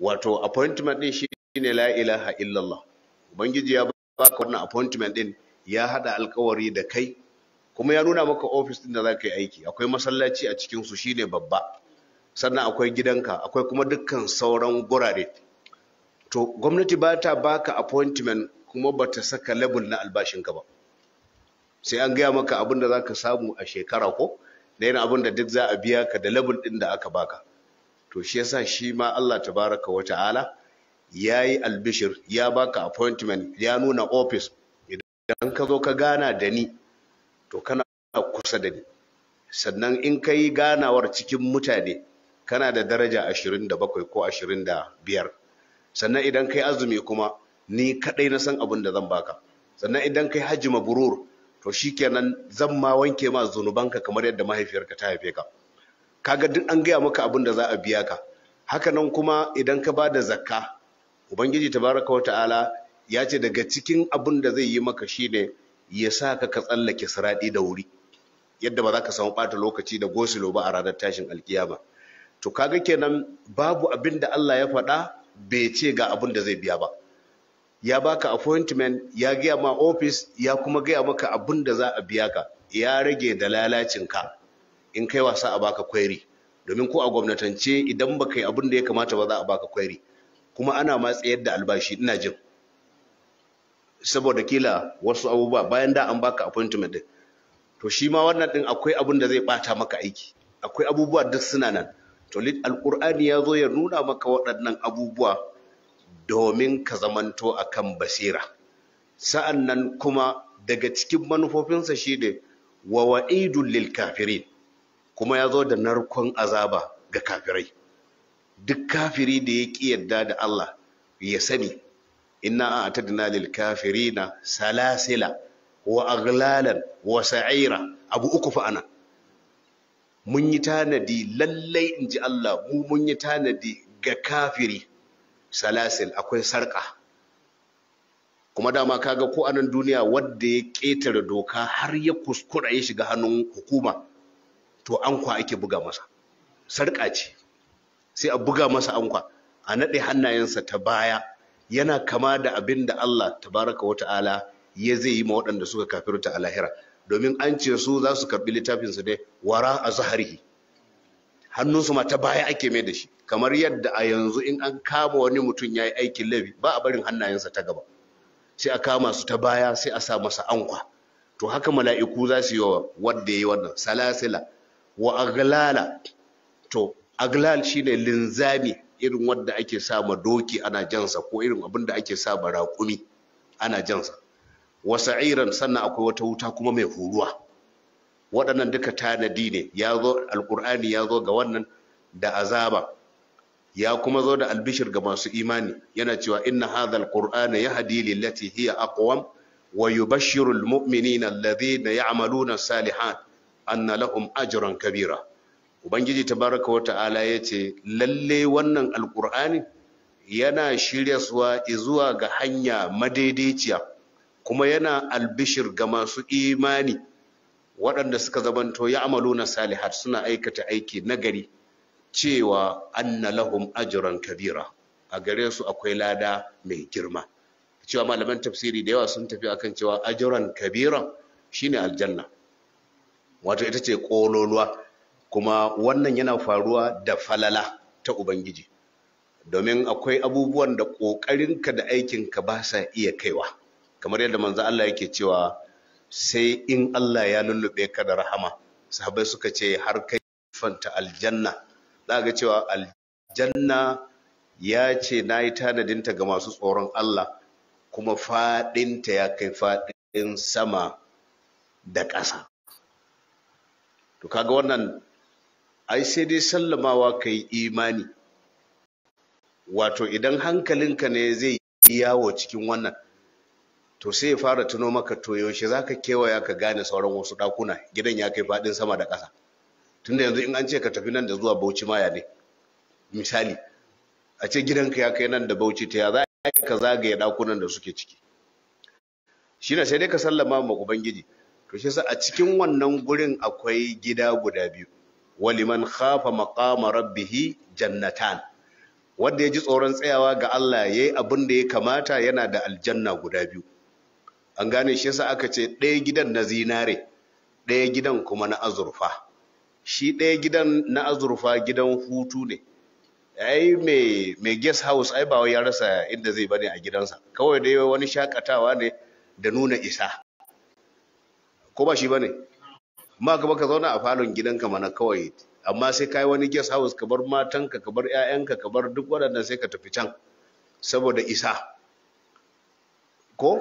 Speaker 1: wato appointment din shi ne la ilaha illallah ubangiji ya baka wannan appointment din ya hada alkawari da kai kuma ya nuna maka ofis din da za ka yi aiki akwai masallaci a cikin su shine babba sannan akwai gidanka akwai kuma dukkan sauran gurare to gwamnati ba ta baka appointment kuma ba ta saka level na albashinka ba sai an gaya maka abin da za ka samu a shekara ko da yana abin da duk za a biya ka da level din da aka baka to shi yasa shi ma Allah tabaraka wa ta'ala ya yi albishir ya baka appointment ya nuna office idan ka zo ka gana da ni to kana kusa da ni sannan in ka yi ganawar cikin mutane kana da daraja 27 ko 25 sannan idan ka yi azumi kuma ni kaɗai na san abin da zan baka sannan idan ka yi hajji maburur to shikenan zan ma wanke ma zunubanka kamar yadda mahaifiyarka ta haife ka kaga duk an gaya maka abin da za a biya ka haka nan kuma idan ka ba da zakka ubangiji tabaraka wa ta'ala ya ce daga cikin abin da zai yi maka shine ya sa ka ka tsallake siraɗi da wuri yadda ba za ka samu ɓata lokaci da gosilo ba a ranar tashin alkiyama to kaga kenan babu abin da Allah ya faɗa bai ce ga abin da zai biya ba ya baka appointment ya gaya ma office ya kuma gaya maka abin da za a biya ka ya rage da lalacin ka in kai wasa a baka kwairi domin ko a gwamnatance idan baka yi abin da ya kamata ba za a baka kwairi kuma ana ma tsayar da albashi ina jin saboda kila wasu abubuwa bayan da an baka appointment din to shi ma wannan din akwai abun da zai bata maka aiki akwai abubuwa duk suna nan to alqur'ani ya zo ya nuna maka waɗannan abubuwa domin ka zamanto akan basira sa'an nan kuma daga cikin manufofinsa shi ne wa wa'idun lil kafirin kuma ya zo da narkon azaba ga kafirai duk kafiri da ya ƙi yarda da Allah ya sani inna a'tadna lil kafirina salasila wa aghlalan wa sa'ira abu uku fa ana mun yi tanadi lallai in ji Allah mu mun yi tanadi ga kafiri salasil akwai sarƙa kuma dama kaga ko anan duniya wadda ya ƙetare doka har ya kuskura ya shiga hannun hukuma to an kwa ake buga masa sarƙa ce sai a buga masa an kwa a naɗe hannayensa ta baya yana kama da abin da Allah tabaraka wa ta'ala ya zai yi ma waɗanda suka kafiru a lahira domin an ce su za su karɓi littafinsu ne wara a zahari hannunsu ma ta baya ake mai da shi kamar yadda a yanzu in an kama wani mutum ya yi aikin laifi ba a barin hannayensa ta gaba sai a kama su ta baya sai a sa masa ankwa to haka mala'iku za su yi wa wanda ya yi wannan salasila wa aglala to aglal shine linzami irin wadda ake sa ma doki ana jansa ko irin abin da ake sa ma raƙumi ana jansa wasa iran sannan akwai wata wuta kuma mai huruwa waɗannan duka tanadi ne ya zo alƙur'ani ya zo ga wannan da azaba ya kuma zo da albishir ga masu imani yana cewa inna hadha alqur'ana yahdi lillati hiya aqwam wa yubashshiru almu'minina alladhina ya'maluna salihan anna lahum ajran kabira ubangiji tabaraka wa ta'ala ya ce lalle wannan alkur'ani yana shiryaswa zuwa ga hanya madaidaiciya kuma yana albishir ga masu imani waɗanda suka zamanto ya amalu na salihat suna aikata aiki nagari cewa anna lahum ajran kabira a gare su akwai lada mai girma cewa malaman tafsiri da yawa sun tafi akan cewa ajran kabira shine aljanna wato ita ce kololuwa kuma wannan yana faruwa da falala ta ubangiji domin akwai abubuwan da ƙoƙarinka da aikinka ba sa iya kaiwa kamar yadda manzo Allah yake cewa sai in Allah ya lullube ka da rahama sahabbai suka ce har kai fanta aljanna za ga cewa aljanna ya ce na yi tanadinta ga masu tsoron Allah kuma faɗinta ya kai faɗin sama da ƙasa to kaga wannan ai sai dai sallamawa ka yi imani wato idan hankalinka ne zai yi yawo cikin wannan to sai ya fara tuno maka to yaushe za ka kewaya ka gane sauran wasu ɗakuna gidan ya kai faɗin sama da ƙasa tunda yanzu in an ce ka tafi nan da zuwa bauchi maya ne misali a ce gidanka ya kai nan da bauchi ta ya za ka zagaye ɗakunan da suke ciki shine sai dai ka sallama ma ubangiji to shi a cikin wannan gurin akwai gida guda biyu waliman khafa maqama rabbih jannatan wanda ya ji tsoron tsayawa ga Allah yayi abin da ya kamata yana da aljanna guda biyu an gane shi yasa aka ce ɗaya gidan na zinare ɗaya gidan kuma na azurfa shi ɗaya gidan na azurfa gidan hutu ne ai mai guest house ai ba ya rasa inda zai bane a gidansa kawai dai wani shakatawa ne da nuna isa ko ba shi bane ma gaba ka zauna a falon gidanka mana kawai amma sai kai wani guest house ka bar matanka ka bar ƴaƴanka ka bar duk waɗannan sai ka tafi can saboda isa ko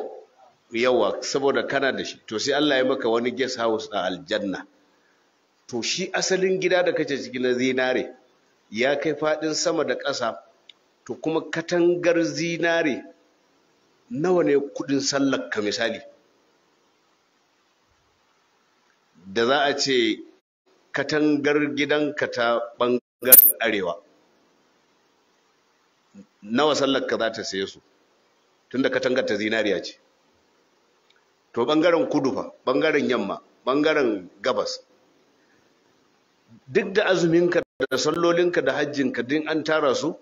Speaker 1: yawa saboda kana da shi to sai Allah ya maka wani guest house a aljanna to shi asalin gida da kace ciki na zinare ya kai fadin sama da ƙasa to kuma katangar zinare nawa ne kudin sallar ka misali da za a ce katangar gidanka ta ɓangaren arewa nawa sallar ka za ta saye su tunda katangar ta zinariya ce to ɓangaren kudu fa ɓangaren yamma ɓangaren gabas duk da azuminka da sallolinka da hajjinka din an tara su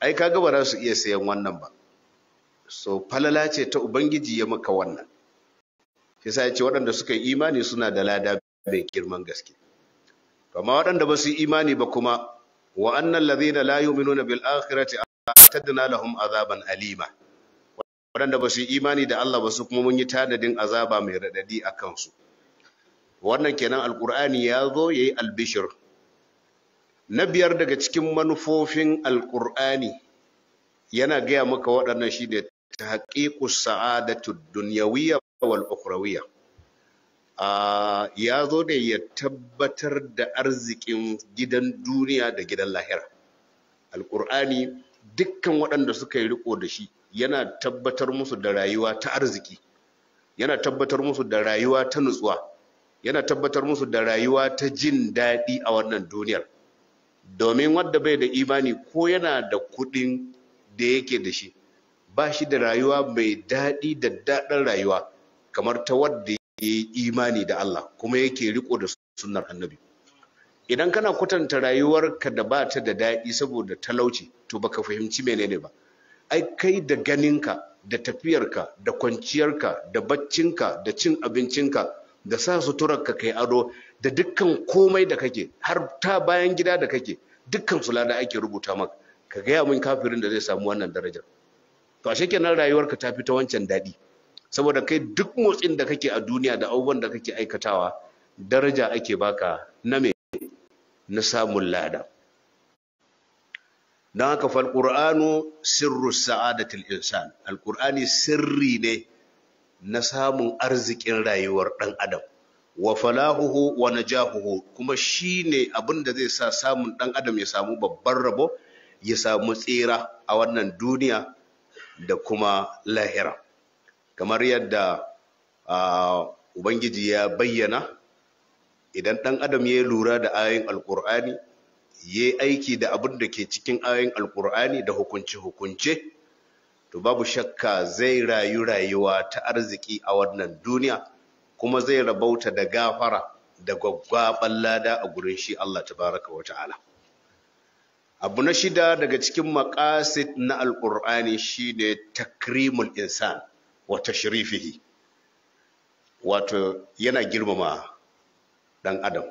Speaker 1: ai kaga ba za su iya sayan wannan ba so falala ce ta ubangiji ya maka wannan yasa ya ce waɗanda suka yi imani suna da lada mai girman gaske amma waɗanda ba su yi imani ba kuma wa annal ladina la yu'minuna bil akhirati atadna lahum azaban alima waɗanda ba su yi imani da Allah ba su kuma mun yi tanadin azaba mai radadi a kansu wannan kenan alqur'ani ya zo yayi albishir na biyar daga cikin manufofin alqur'ani yana gaya maka waɗannan shi ne تحقيق السعادة الدنيوية والأخروية ya zo da ya tabbatar da arzikin gidan duniya da gidan lahira alƙur'ani dukkan waɗanda suka yi riko da shi yana tabbatar musu da rayuwa ta arziki yana tabbatar musu da rayuwa ta nutsuwa yana tabbatar musu da rayuwa ta jin daɗi a wannan duniyar domin wanda bai da imani ko yana da kuɗin da yake da shi ba shi da rayuwa mai daɗi da daɗin rayuwa kamar ta wadda ya yi imani da Allah kuma yake riko da sunnar annabi idan kana kwatanta rayuwarka da ba ta da daɗi saboda talauci to baka fahimci menene ba ai kai da ganinka da tafiyarka da kwanciyarka da baccinka da cin abincinka da sa suturarka kai ado da dukkan komai da kake har ta bayan gida da kake dukkan su ake rubuta maka ka gaya min kafirin da zai samu wannan darajar to ashe kenan rayuwarka ta fi ta wancan daɗi saboda kai duk motsin da kake a duniya da abubuwan da kake aikatawa daraja ake baka na me na samun lada don haka qur'anu sirru sa'adatul insan alƙur'ani sirri ne na samun arzikin rayuwar ɗan adam wa falahuhu wa najahuhu kuma shine abin da zai sa samun ɗan adam ya samu babban rabo ya samu tsira a wannan duniya da kuma lahira kamar yadda ubangiji ya bayyana idan ɗan adam ya lura da ayoyin alkur'ani ya aiki da abin da ke cikin ayoyin alkur'ani da hukunce-hukunce to babu shakka zai rayu rayuwa ta arziki a wannan duniya kuma zai rabauta da gafara da gwaggwa lada a gurin shi Allah tabaraka wa ta'ala abu na shida daga cikin makasit na shi shine takrimul insan wata shirifihi, wato yana girmama dan adam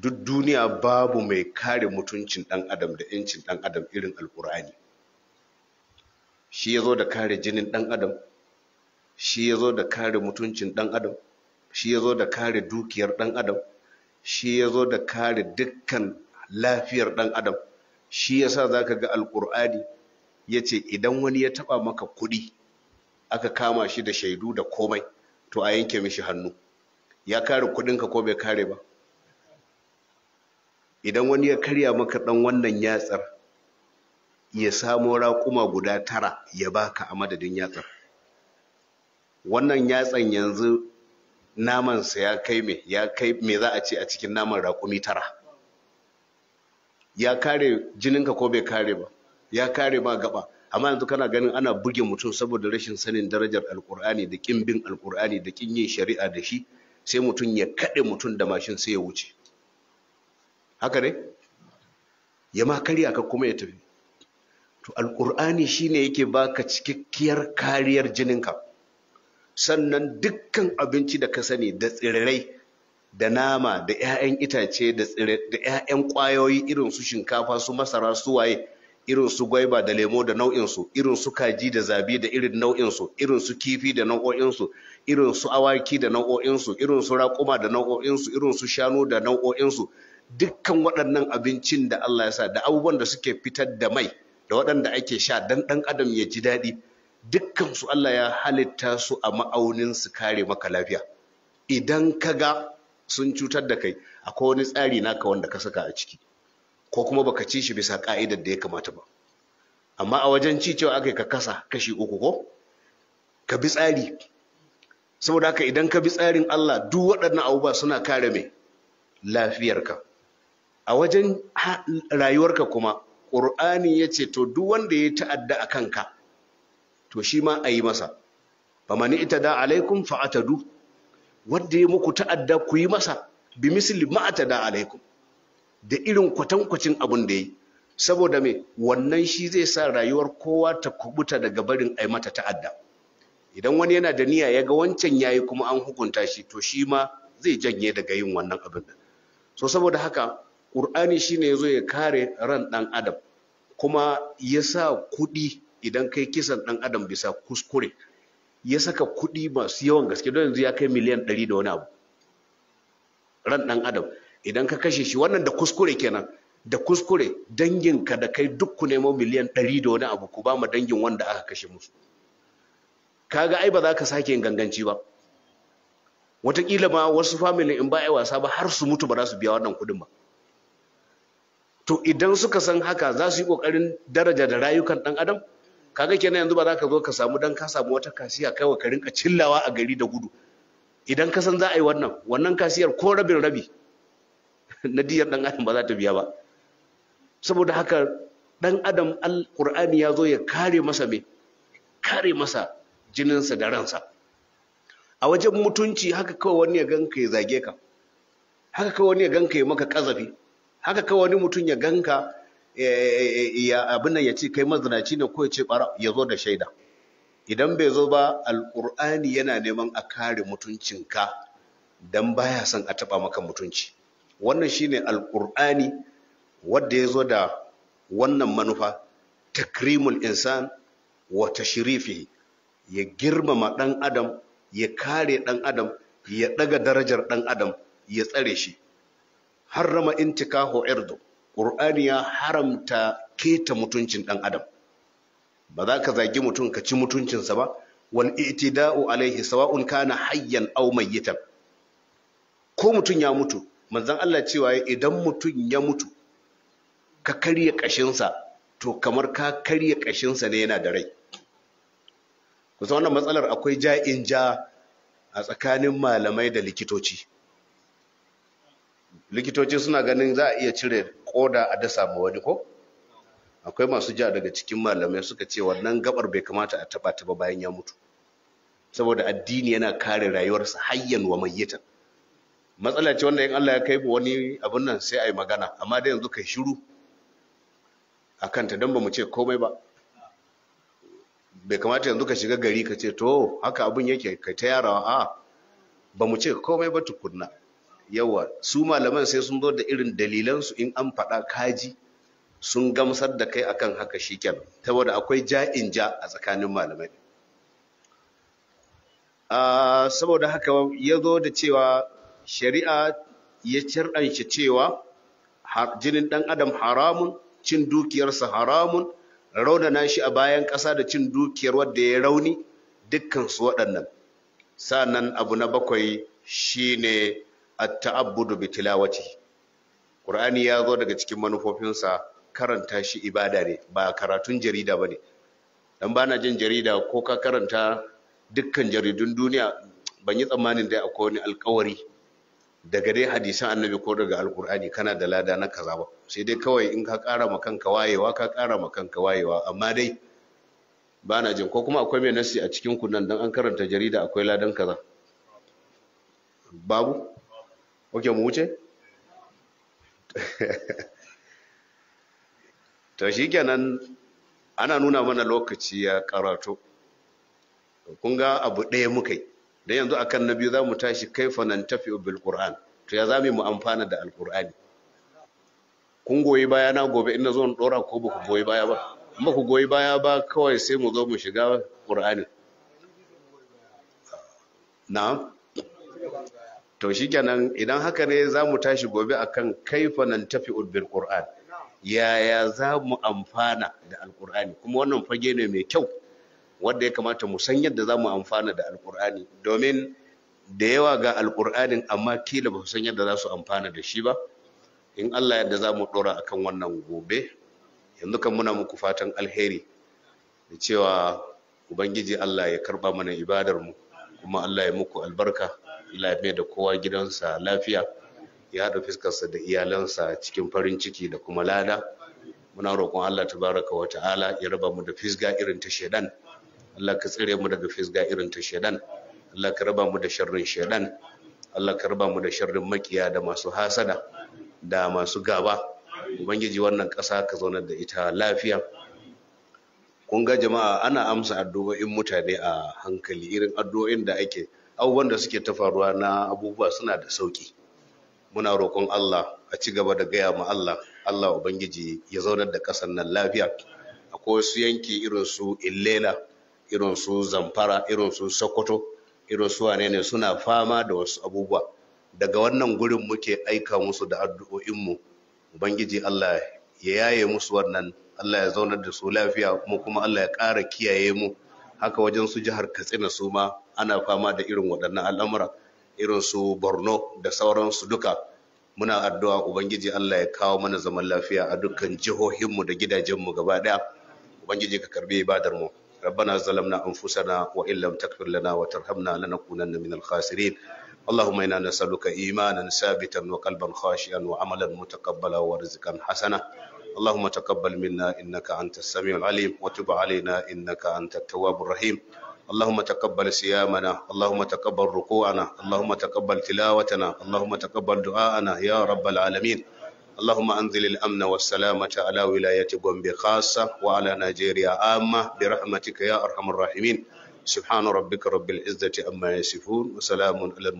Speaker 1: duk duniya babu mai kare mutuncin dan adam da yancin dan adam irin Alƙur'ani, shi ya zo da kare jinin dan adam shi zo da kare mutuncin dan adam shi zo da kare dukiyar dan adam shi zo da kare dukkan lafiyar ɗan adam shi yasa zaka ga alƙur'ani ya ce idan wani ya taɓa maka kuɗi aka kama shi da shaidu da komai to a yanke mishi hannu ya kare ka ko bai kare ba idan wani ya karya maka ɗan wannan yatsar ya samo raƙuma guda tara ya baka a madadin yatsar wannan yatsan yanzu namansa ya kai me ya kai me za a ce a cikin naman raƙumi tara ya kare jininka ko bai kare ba ya kare ma gaba amma yanzu kana ganin ana buge mutum saboda rashin sanin darajar alkur'ani da kin bin alkur'ani da kin yin shari'a da shi sai mutum ya kaɗe mutum da mashin sai ya wuce haka ne ya ma karya ka kuma ya tafi to alkur'ani shine yake baka cikakkiyar kariyar jininka sannan dukkan abinci da ka sani da tsirrai da nama da 'ya'yan itace da tsire da 'ya'yan kwayoyi irin su shinkafa su masara su waye irin su gwaiba da lemo da nau'in su irin su kaji da zabi da irin nau'in su irin su kifi da nau'o'in su irin su awaki da nau'o'in su irin su raƙuma da nau'o'in su irin su shanu da nau'o'in su dukkan waɗannan abincin da Allah ya sa da abubuwan da suke fitar da mai da waɗanda ake sha dan ɗan adam ya ji daɗi dukkan su Allah ya halitta su a ma'aunin su kare maka lafiya idan ka ga sun cutar da kai akwai wani tsari naka wanda ka saka a ciki ko kuma baka ci shi bisa ka'idar da ya kamata ba amma a wajen ci cewa aka ka kasa kashi uku ko ka bi tsari saboda haka idan ka bi tsarin Allah duk waɗannan abubuwa suna kare mai lafiyarka a wajen rayuwarka kuma ƙur'ani ya ce to duk wanda ya ta'adda a kanka to shi ma a yi masa Ba famani ita da alaikum fa'atadu wanda ya muku ta'adda ku yi masa bi misli ma'atada alaikum da irin kwatankwacin abin da yi saboda mai, wannan shi zai sa rayuwar kowa ta kubuta daga barin ai mata ta'adda idan wani yana da niyya ya ga wancan ya yi kuma an hukunta shi to shi ma zai janye daga yin wannan abin so saboda haka ƙur'ani shine yazo ya kare ran ɗan adam kuma ya sa kuɗi idan kai kisan ɗan adam bisa kuskure ya saka kuɗi masu yawan gaske don yanzu ya kai miliyan ɗari da wani abu ran ɗan adam idan ka kashe shi wannan da kuskure kenan da kuskure dangin ka da kai duk ku nemo miliyan ɗari da wani abu ku ba ma dangin wanda aka kashe musu kaga ai ba za ka sake yin ganganci ba wataƙila ma wasu family in ba a wasa ba har su mutu ba za su biya wannan kuɗin ba to idan suka san haka za su yi ƙoƙarin daraja da rayukan ɗan adam kaga kenan yanzu ba za ka zo ka samu dan ka samu wata kasiya kai wa ka rinka cillawa a gari da gudu idan ka san za a yi wannan wannan kasiyar ko rabin rabi na diyar dan adam ba za ta biya ba saboda haka dan adam alqur'ani ya zo ya kare masa me kare masa jininsa da ransa a wajen mutunci haka kawai wani ya ganka ya zage ka haka kawai wani ya ganka ya maka kazafi haka kawai wani mutum ya ganka Eh, eh, eh, abin nan ya ce kai mazinaci ne ko ya ce bara ya zo da shaida idan bai zo ba alƙur'ani yana neman a kare mutuncinka don baya son a taɓa maka mutunci wannan shine alƙur'ani wadda ya zo da wannan manufa takrimul insan wa tashrifihi ya girmama ɗan adam ya kare ɗan adam ya ɗaga darajar ɗan adam ya tsare shi Har harrama intikahu irdu ƙur'ani ya haramta keta mutuncin ɗan adam ba za ka zagi mutum ka ci mutuncinsa ba wal itida'u alaihi sawa'un kana hayyan aw mayyitan ko mutum ya mutu manzon Allah cewa idan mutum ya mutu ka karya kashinsa to kamar ka karya kashinsa ne yana da rai kusa wannan matsalar akwai ja'in ja a tsakanin malamai da likitoci likitoci suna ganin za a iya cire koda a dasa ma wani ko akwai masu ja daga cikin malamai suka ce wannan gabar bai kamata a taba ta ba bayan ya mutu saboda addini yana kare rayuwarsa hayyan wa mayyita matsala ce wanda in Allah ya kai mu wani abun nan sai ai magana amma da yanzu kai shiru akan ta dan mu ce komai ba bai kamata yanzu ka shiga gari ka ce to haka abun yake kai ta yarawa a ba mu ce komai ba tukunna yawa su malaman sai sun zo da irin dalilansu in an faɗa kaji sun gamsar da kai akan haka ta saboda akwai ja'in ja a tsakanin malamai saboda haka ya zo da cewa shari'a ya cirɗanshi cewa jinin ɗan adam haramun cin dukiyarsa haramun raunana shi a bayan ƙasa da cin dukiyar wadda ya rauni dukkansu waɗannan sa'annan abu na bakwai shine at-ta'abbudu bi tilawati Qur'ani ya zo daga cikin manufofinsa karanta shi ibada ne ba karatun jarida bane dan bana jin jarida ko ka karanta dukkan jaridun duniya ban yi tsammanin dai akwai wani alkawari daga dai hadisan annabi ko daga alkur'ani kana da lada na kaza ba sai dai kawai in ka kara ma kanka wayewa ka kara ma kanka wayewa amma dai ba na jin ko kuma akwai mai nasi a cikin kunan dan an karanta jarida akwai ladan kaza babu ok mu wuce to shi kenan ana nuna mana lokaci ya karato kun ga abu ɗaya muka yi don yanzu akan na biyu za mu tashi kaifa nan tafi bilkur'an, to ya zame mu amfana da Alkur'ani. kun goyi baya na gobe ina zo ɗora ko ba ku goyi baya ba ba ku goyi baya ba kawai sai mu zo mu shiga ƙur'ani na'am to shikenan idan haka ne za mu tashi gobe akan kaifa nan tafi bil qur'an yaya za mu amfana da alqur'ani kuma wannan fage ne mai kyau wanda ya kamata mu san yadda za mu amfana da alqur'ani domin da yawa ga alqur'anin amma kila ba su san yadda za su amfana da shi ba in Allah yadda za mu dora akan wannan gobe yanzu kan muna muku fatan alheri da cewa ubangiji Allah ya karba mana ibadar mu kuma Allah ya muku albarka lafiya da kowa gidansa lafiya ya haɗa fiskarsa da iyalansa cikin farin ciki da kuma lada muna roƙon Allah tabaraka wa ta'ala ya raba mu da fisga irin ta shaidan Allah ka tsire mu daga fisga irin ta shaidan Allah ka raba mu da sharrin shaidan Allah ka raba mu da sharrin makiya da masu hasada da masu gaba ubangiji wannan ƙasa ka zauna da ita lafiya kun ga jama'a ana amsa addu'o'in mutane a hankali irin addu'o'in da ake abubuwan da suke ta faruwa na abubuwa suna da sauƙi. muna roƙon Allah a ci gaba da gaya ma Allah Allah ubangiji ya zaunar da ƙasar nan lafiya akwai wasu yanki irin su Illela irin su Zamfara irin su Sokoto irin su wane ne suna fama da wasu abubuwa daga wannan gurin muke aika musu da addu'o'in mu. ubangiji Allah ya yaye musu wannan Allah ya zaunar da su lafiya kuma kuma Allah ya ƙara kiyaye mu haka wajen su jihar katsina su ma ana fama da irin waɗannan al'amura irin su borno da sauransu duka muna addu'a ubangiji allah ya kawo mana zaman lafiya a dukkan jihohinmu da gidajenmu gaba ɗaya ubangiji ka karbi ibadar mu ربنا ظلمنا أنفسنا وإن لم تغفر لنا وترحمنا لنكونن من الخاسرين اللهم إنا نسألك إيمانا ثابتا وقلبا خاشعا وعملا متقبلا ورزقا حسنا اللهم تقبل منا إنك أنت السميع العليم وتب علينا إنك أنت التواب الرحيم اللهم تقبل صيامنا اللهم تقبل ركوعنا اللهم تقبل تلاوتنا اللهم تقبل دعاءنا يا رب العالمين اللهم أنزل الأمن والسلامة على ولاية بومبي خاصة وعلى نيجيريا عامة برحمتك يا أرحم الراحمين سبحان ربك رب العزة أما يصفون وسلام على